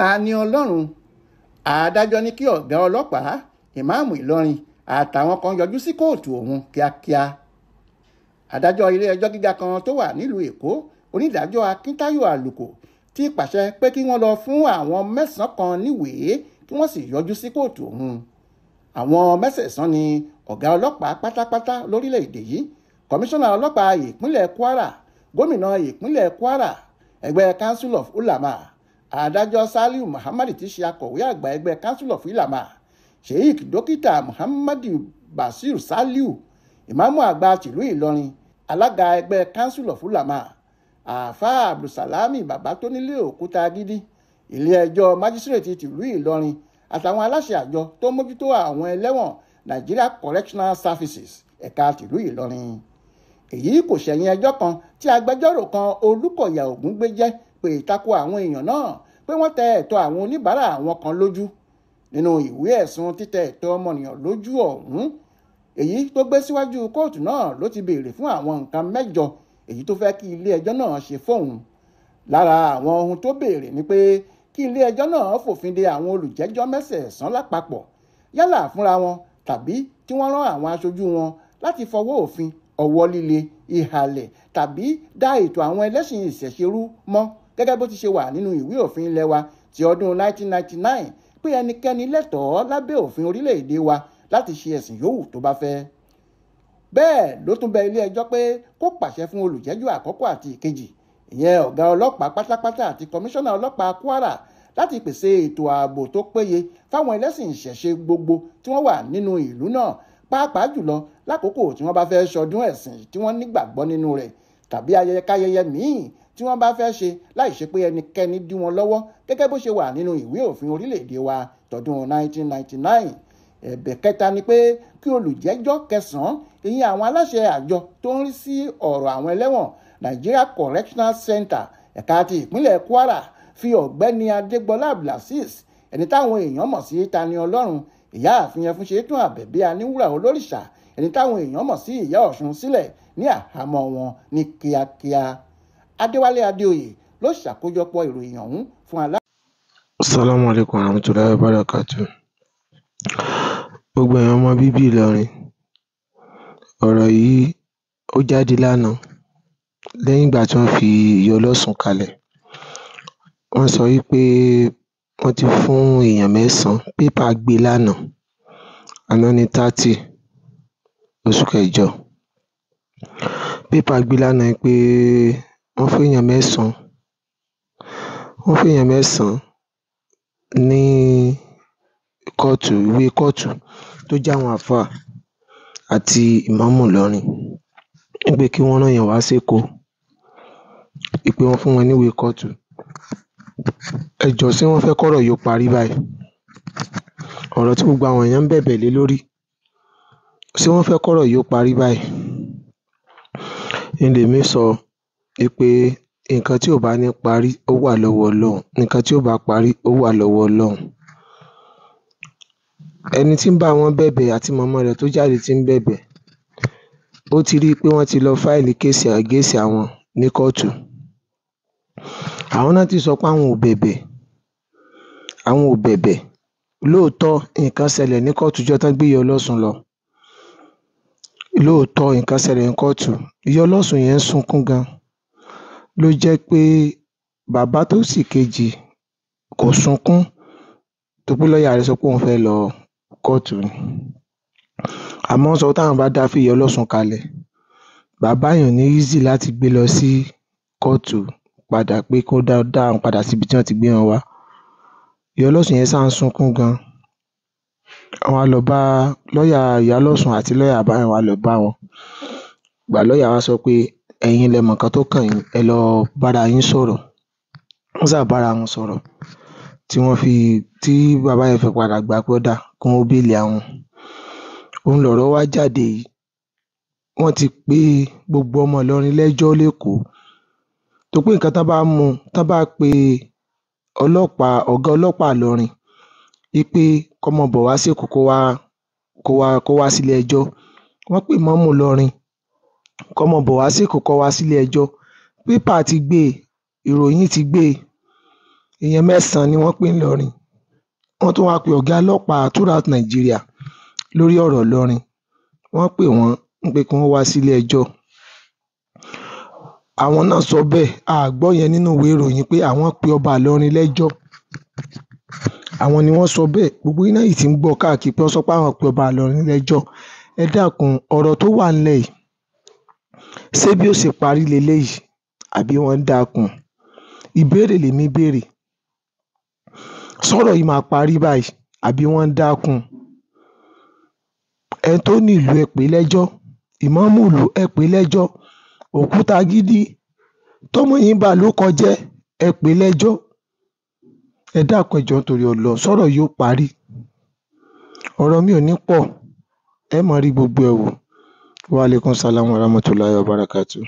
ta ni ọlọ́run adájọ́ ní kí ọ̀gá ọlọ́pàá ìmáàmù ìlọrin àtàwọn kan yọjú sí kóòtù ọ̀hún kíákíá adájọ́ ilé-ẹjọ́ gíga kan tó wà nílùú èkó onídàájọ́ akíntayọ̀ àlùkò ti pàṣẹ pé kí wọ́n lọ fún àwọn mẹ́sàn-án kan níwèé kí wọ́n sì yọjú sí kóòtù ọ̀hún àwọn mẹ́sẹ̀sán ni ọ̀gá ọlọ́pàá pátápátá lórílẹ̀‐èdè yìí kọmíṣánná ọlọ́pàá ìpínlẹ̀ kwara gómìnà ìpínlẹ̀ kwara ẹgbẹ́ council of ulama adájọ́ saliu muhammad ti ṣe akọ̀wé àgbà ẹgbẹ́ council of ilama sheikh dókítà muhammad basir saliu ìmáàmù àgbà tìlú ìlọrin alága ẹgbẹ́ council of ilama àáfàá abdulsalami bàbá tó nílé òkúta gidi ilé-ẹjọ́ májísírèètì tìlú ìlọrin àtàwọn aláṣẹ àjọ tó mójútó àwọn ẹlẹ́wọ̀n nigeria correctional services ẹ̀ka tìlú ìlọrin èyí kò ṣẹ̀yìn ẹjọ́ kan tí agbẹjọ́rò kan olùkọ̀yà ògúngbẹ́jẹ́ pé ìtakò àwọn èèyàn náà pé wọ́n tẹ ẹ̀tọ́ àwọn oníbàárà àwọn kan lójú nínú ìwé ẹ̀sùn títẹ ẹ̀tọ́ ọmọnìyàn lójú ọ̀hún èyí tó gbé síwájú kóòtù náà ló ti béèrè fún àwọn nǹkan mẹ́jọ èyí tó fẹ́ kí ilé ẹjọ́ náà ṣe fóun lára àwọn ohun tó béèrè ni pé kí ilé ẹjọ́ náà fòfin de àwọn olùjẹ́jọ́ mẹ́sẹ̀ẹ̀sán lápapọ̀ yálà fúnra wọn tàbí tí wọ́n rán àwọn aṣojú wọn láti fọwọ́ òfin ọwọ́ líle ìhàlẹ̀ tàbí dá ètò àwọn ẹlẹ́sìn ìṣẹ̀ṣe rú mọ́ gẹ́gẹ́ bó ti ṣe wà nínú ìwé òfin ilẹ̀ wa ti ọdún 1999 pé ẹnikẹ́ni lẹ́tọ̀ọ́ lábẹ́ òfin orílẹ̀-èdè wa láti ṣe ẹ̀sìn yòówù tó bá fẹ́. bẹ́ẹ̀ ló tún bẹ ilé ẹjọ́ pé kó pàṣẹ fún olùjẹ́jọ́ àkọ́kọ́ àti ìkejì ìyẹn ọ̀gá ọlọ́pàá pátápátá àti kọmíṣánná ọlọ́pàá Kwara láti pèsè ètò ààbò tó péye fáwọn ẹlẹ́sìn ìṣẹ̀ṣe gbogbo tí wọ́n wà nínú ìlú náà pàápàá jùlọ lákòókò tí wọ́n bá fẹ́ ṣọdún ẹ̀sìn tí wọ́n nígbàgbọ́ nínú rẹ̀ tàbí ayẹyẹ káyẹyẹ míì tí wọ́n bá fẹ́ ṣe láì ṣe pé ẹnikẹ́ni dí wọn lọ́wọ́ gẹ́gẹ́ bó ṣe wà nínú ìwé òfin orílẹ̀-èdè wa tọdún 1999 ẹ̀bẹ̀ kẹta ni pé kí olùjẹ́jọ́ kẹsàn-án ìyẹn àwọn aláṣẹ àjọ tó ń rí sí ọ̀rọ̀ àwọn ẹlẹ́wọ̀n Nigeria Correctional Center ẹ̀ka ti ìpínlẹ̀ Kwara fi ọ̀gbẹ́ni Adégbọlá blasis, ẹni táwọn èèyàn mọ̀ sí Tani Ọlọ́run ìyá àfihàn fún ṣetán àbẹ̀bí aníwúrà olóríṣà ẹni táwọn èèyàn mọ̀ sí ìyá Ọ̀ṣun sílẹ̀ ní àhámọ́ wọn ní kíákíá adéwálé adéoyè ló ṣàkójọpọ̀ ìròyìn ọ̀hún fún alá. assalamu alaikum warahmatullahi wabarakatuh gbogbo èèyàn ọmọ bíbí ìlọrin ọ̀rọ̀ yìí ó jáde lánàá lẹ́yìn ìgbà tí wọ́n fi ìyá ọlọ́sùn kalẹ̀ wọ́n sọ wípé wọ́n ti fún èèyàn mẹ́sàn pépà gbé lánàá àná ní thirty oṣù kẹjọ pépà gbé lánàá pé. Pe wọn fẹẹyàn mẹsànán wọn fẹẹyàn mẹsànán ní kóòtù ìwé kóòtù tó jẹ àwọn àáfàá àti ìmáàmù ìlọrin wípé kí wọn rán èèyàn wá sẹkọọ wípé wọn fún wọn níwèé kóòtù ẹ jọọ ṣé wọn fẹ kọrọ yìí parí báyìí ọrọ tí gbogbo àwọn èèyàn ń bẹbẹ lé lórí ṣé wọn fẹ kọrọ yìí parí báyìí ń lèmi sọ pé nǹkan tí ò bá ní parí ó wà lọ́wọ́ Ọlọ́run nǹkan tí ò bá parí ó wà lọ́wọ́ Ọlọ́run ẹni tí ń bá wọn bẹ̀bẹ̀ àti mọ̀mọ́ rẹ̀ tó jáde tí ń bẹ̀bẹ̀ ó ti rí i pé wọ́n ti lọ fáìlì kéèsì àgéèsì àwọn ní kóòtù àwọn náà ti sọ pé àwọn ò bẹ̀bẹ̀ àwọn ò bẹ̀bẹ̀ lóòótọ́ nǹkan ṣẹlẹ̀ ní kóòtù jọ́ tán gbé ìyá ọlọ́sùn lọ lóòótọ́ nǹkan ṣẹlẹ̀ ní kóòtù ìyá ọlọ́sùn yẹn ń sunkún gan-an ló jẹ́ pé bàbá tó sì kejì kò sunkún tó pé lọ́ọ̀yà rẹ̀ sọ pé òun fẹ́ lọ kóòtù ni àmọ́ sọ táwọn bá dá fìyà ọlọ́sùn kalẹ̀ bàbá yẹn ò ní easy láti gbé lọ sí kóòtù padà pé kó dá àwọn padà síbi tí wọ́n ti gbé wọn wá ìyá ọlọ́sùn yẹn sá ń sunkún gan wọn á lọ bá lọ́ọ̀yà ìyá ọlọ́sùn àti lọ́ọ̀yà bàbá yẹn wá lọ bá wọn gbà lọ́ọ̀yà wá sọ pé ẹ̀yin lẹ mọ nǹkan tó kàn yín ẹ lọ bára yín sọ̀rọ̀ wọ́n sá bára wọn sọ̀rọ̀ tí wọ́n fi tí bàbá yẹn fi padà gbà pé ó dáa kí wọ́n béèlì àwọn òun lọ̀rọ̀ wá jáde yìí wọ́n ti pé gbogbo ọmọ Ìlọrin lẹ́jọ́ lẹ́kọ̀ọ́ tó pé nǹkan tán bá mú un bá pe ọlọ́pàá ọ̀gá ọlọ́pàá Ìlọrin wípé kọ́mọ bọ̀ wá s'Èkó kó kó wá kó wá sílé ẹjọ́ wọ́n pè mọ́mù Ìlọrin kọ́mọ Bọ̀wásì kò kọ wá sílé ẹjọ́ pépà ti gbé e ìròyìn ti gbé e èèyàn mẹ́sàn-án ni wọ́n pè ńlọrin wọ́n tún wáá pe ọ̀gá ọlọ́pàá throughout Nigeria lórí ọ̀rọ̀ ìlọrin wọ́n pè wọ́n pé kí wọ́n wá sílé ẹjọ́ àwọn náà sọ bẹ́ẹ̀ a gbọ́ yẹn nínú ìwé ìròyìn pé àwọn pe ọba ìlọrin lẹ́jọ́ àwọn ni wọ́n sọ bẹ́ẹ̀ gbogbo iná yìí ti ń gbọ́ káàkiri pé wọ́n sọ pé àwọn pe ọba ìlọrin lẹ́jọ́ ẹ dákun ọ̀rọ̀ tó wà ńlẹ̀ yìí ṣé bí ó ṣe parí leléyìí àbí wọ́n ń dá a kùn? Ìbéèrè lèmi béèrè. Ṣọ́rọ̀ yìí máa parí báyìí àbí wọ́n ń dá a kùn? Ẹni tó ní ìlú ẹ pè lẹ́jọ́, ìmáàmù ìlú ẹ pè é lẹ́jọ́, òkútagídí tọ́mọ yín ba ìlúkọ jẹ́ ẹ pè lẹ́jọ́. Ẹ dákun ẹ jọ̀ọ́ nítorí Ọlọ́run ṣọ́rọ̀ yìí ó parí. Ọ̀rọ̀ mi ò ní pọ̀, ẹ máa rí gbogbo ẹ̀ wò. Wa alaikum salam wa rahmatullahi wa barakatuhu